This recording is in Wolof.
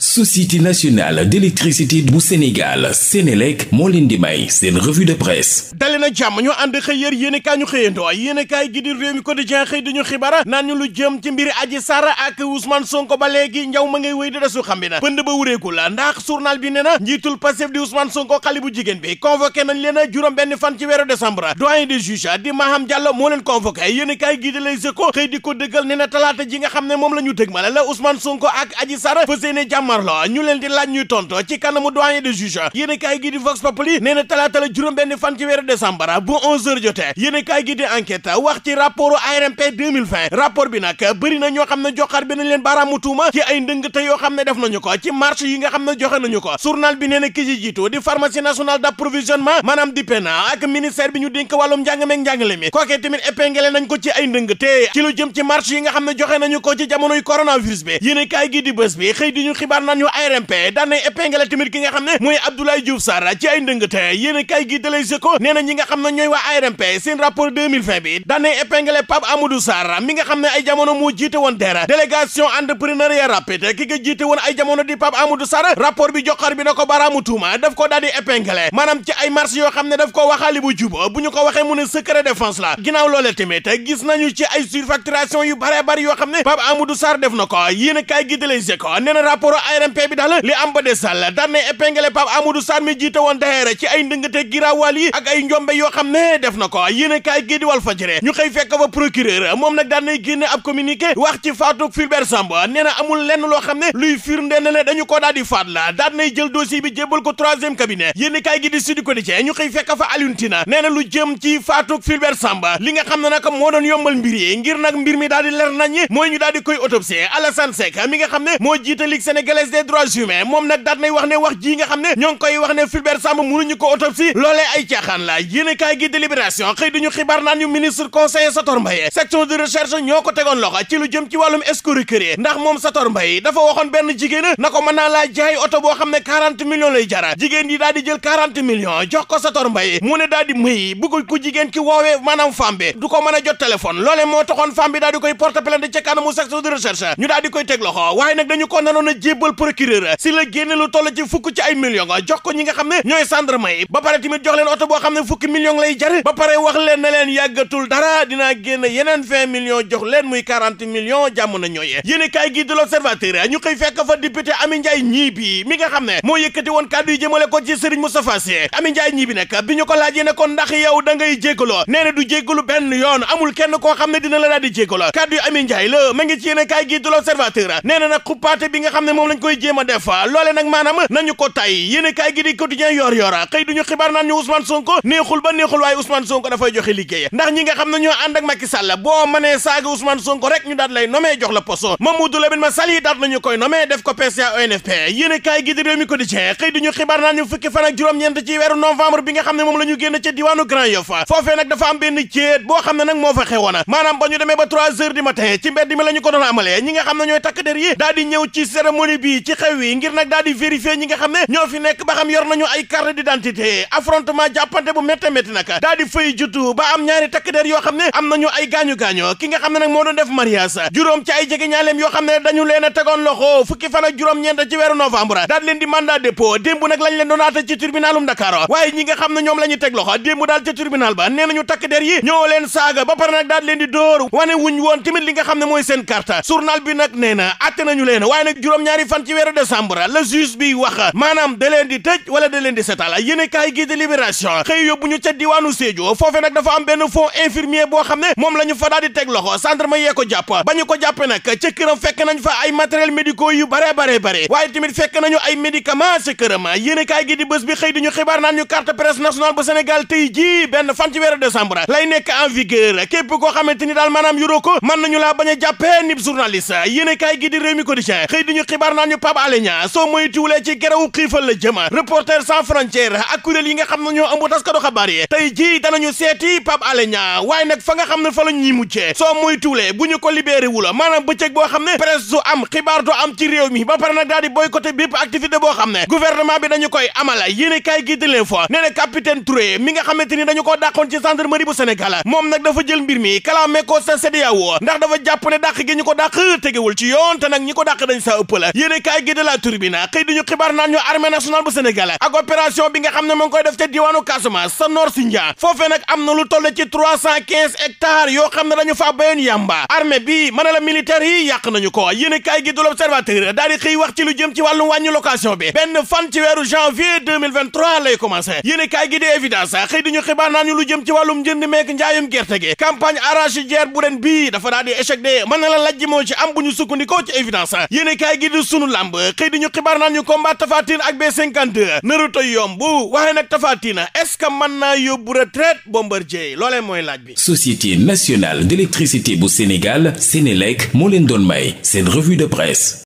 société nationale d'électricité bu Sénégal Sénélec moo leen di may seen revue de presse dali na jàmm ñoo ànd xëy yér yéen i ñu xëyandoo yéen i kaay gi réew mi quotidien xëy di ñu xibaar ñu lu jëm ci mbiri Adji Sarr ak Ousmane Sonko ba léegi njaw ma ngay wéy di desu xam na pënd ba wureeku la ndax journal bi ne na njiitul Pastef di Ousmane Sonko xale bu jigéen bi convoqué nañ leen juróom benn fan ci weeru décembre doyen des juges di moo leen convoqué yéen i kaay gi di Les Échos xëy ji nga xam ne moom la ñu jàmmarloo ñu leen di laaj ñuy tontu ci kanamu doyen de juge yéen kaay gi di Vox Populi nee na juróom benn fan ci weeru décembre bu 11h jotee yéen kaay gi di enquête wax ci rapportu ARMP 2020 rapport bi nag bëri na ñoo xam ne joxaat bi nañ leen baaraamu tuuma ci ay ndëng te yoo xam ne def nañu ko ci marché yi xam ne joxe nañu ko journal bi nee na ki di pharmacie nationale d'approvisionnement maanaam di PENA ay ndëng te bi yéen Sarr naan ñu ARMP daan nañ épinglé tamit ki nga xam ne mooy Abdoulaye Diouf Sarr ci ay ndëngte yéen a kaay gi dalee seko nee ñi nga xam ne ñooy waa ARMP seen rapport 2020 ay jamono moo jiite woon DER délégation entrepreneuriat rapide ki nga jiite woon ay jamono bi joxar bi na ko baraamu tuuma daf ko daal di épinglé ci ay marché yoo xam ne daf ko waxaali bu bu ñu ko waxee mu ne secret défense la ginnaaw loolee tamit gis nañu ci ay surfacturation yu bare bari yoo xam ne Pape Amadou Sarr def na ko yéen a kaay gi na rapport ARMP bi daal li am ba desal daan na épinglé Pape Amadou Sarr mi jiite woon ci ay ndëngate giraawaal yi ak ay njombe yoo xam ne def na ko yéene kaay gi di Walf Fadjri ñu xëy fekk fa procureur moom nag daan nay génne ab communiqué wax ci faatu Fulbert Sambou nee amul lenn loo xam ne luy firnde na ne dañu ko daal di faat la daan nay jël dossier bi jébbal ko troisième cabinet yéene kaay gi di Sud ñu xëy fekk fa Alioune Tine lu jëm ci faatu Fulbert li nga xam ne nag moo doon yombal mbir yi ngir nag mbir mi daal di leer nañ mooy ñu daal di nga xam ne moo jiite Ligue Sénégal sénégalaise des droits humains moom nag daat nay wax ne wax ji nga xam ne ñoo koy wax ne Fulbert Sambou mënuñu ko autopsie loolee ay caaxaan la yéen a kaay gi délibération xëy duñu xibaar naan ñu ministre conseiller Sator Mbaye section de recherche ñoo ko tegoon loxo ci lu jëm ci wàllum escroquerie ndax moom Sator Mbaye dafa waxoon benn jigéen na ko mën la laa oto boo xam ne 40 millions lay jara jigéen yi daal di jël 40 millions jox ko Sator Mbaye mu ne daal di muy bëgg ku jigéen ki woowee maanaam femme ko mën a jot téléphone loolee moo taxoon femme bi daal di koy porte ñu daal di koy teg loxo waaye nag dañu ko a jéb jébbal procureur si la génne lu ci fukk ci ay millions jox ko ñi nga xam ne ñooy gendarme yi ba pare jox leen oto boo xam ne fukki millions lay jar ba wax leen ne leen yàggatul dara dinaa génn yeneen vingt millions jox leen muy quarante millions jàmm na ñooyee yéen gi de l'Observateur ñu koy fekk fa député Ami Ndiaye Gniby mi nga xam ne moo yëkkati woon kàddu yi jëmale ko ci Serigne Moustapha Sy Ami Ndiaye Gniby nag bi ñu ko laajee ne ko lañ loole nag maanaam nañu ko tay yéen kaay gi di quotidien yor yora xëy duñu xibaar naan ñu Ousmane Sonko neexul ba neexul waaye Ousmane Sonko dafay joxe liggéey ndax ñi nga xam ne ñoo ànd ak Macky Sall boo mënee saaga Ousmane Sonko rek ñu daat lay nomee jox la poso Mamadou Lamine Massaly daat nañu koy nomee def ko PCA ONFP yéen kaay gi di réew mi quotidien xëy duñu xibaar naan ñu fukki fan juróom-ñeent ci weeru novembre bi nga xam ne moom la ñu bi ci xew yi ngir nag daal di ñi nga xam ne ñoo fi nekk ba xam yor nañu ay carte d'identité affrontement jàppante bu métti métti nag daal di jutu ba am ñaari takk der yoo xam ne am nañu ay gaañu-gaañu ki nga xam ne nag moo doon def mariage juróom ci ay jege ñaaleem yoo xam ne dañu leen tegoon loxo fukki fan juróom-ñeent ci weeru novembre daal leen di mandat dépôt démb nag lañ leen doonaata ci tribunalum Dakar waaye ñi nga fan ci weeru décembre la juge bi wax maanaam da leen di tëj wala da leen di setal yéen kaay gi di xëy yóbbu ñu ca diwaanu Sédhiou foofe nag dafa am benn fond infirmier boo xam ne moom la ñu fa daal di teg loxo gendarme yee ko jàpp ba ñu ko jàppe nag ca fekk nañ fa ay matériel médicaux yu bare bare bare waaye tamit fekk nañu ay médicament ca këram yéen kaay gi di bés bi xëy di ñu xibaar naan ñu carte presse nationale bu Sénégal tey jii benn fan ci weeru décembre lay ni daal maanaam yuroo ko mën nañu laa naan ñu Pape Alé Niang soo moytuwulee ci gerewu xiifal la jëma Reporters sans frontières ak kuréel yi nga xam ne ñoo ëmb taskatu xabaar yi tey jii danañu seeti Pape Alé Niang waaye nag fa nga xam ne fa la ñuy mujjee soo moytuwulee bu ñu ko libéré wu la maanaam bëccëg boo xam ne presse du am xibaar du am ci réew mi ba pare nag daal di boycotté bépp activité boo xam ne gouvernement bi dañu koy amala yéene kaay gi di l'info nee na capitaine Touré mi nga xamante ni dañu koo dàqoon ci gendarmerie bu Sénégal moom nag dafa jël mbir mi kalaamee ko sa jàpp ne dàq gi ñu ko dàq tegewul ci yoon nag ñi ko dàq dañ sa yéene kaay gi de la Tribune ah, xëy xibaar naan ñu armée nationale bu Sénégal ak opération bi xam ne mu ngi koy def sa Nord Sindia foofee nag na lu toll ci trois cent quinze hectares yoo xam ne dañu faa béyoon yàmba armée bi mën la militaire yi yàq nañu ko yéene kaay gi de l'Observateur daal di xëy wax ci lu jëm ci wàllu benn fan ci weeru janvier lay commencé yéene kaay gi de évidence ah, xëy diñu xibaar naan ñu lu jëm ci sunu làmb xëy di ñu xibaar naan ñu combat tafatin ak B52 naruto yomb waaye nag tafatina est-ce que mën naa yóbbu retraite Bombardier loolee mooy laaj bi. Société nationale d'électricité bu Sénégal Sénélec moo leen doon may seen revue de presse.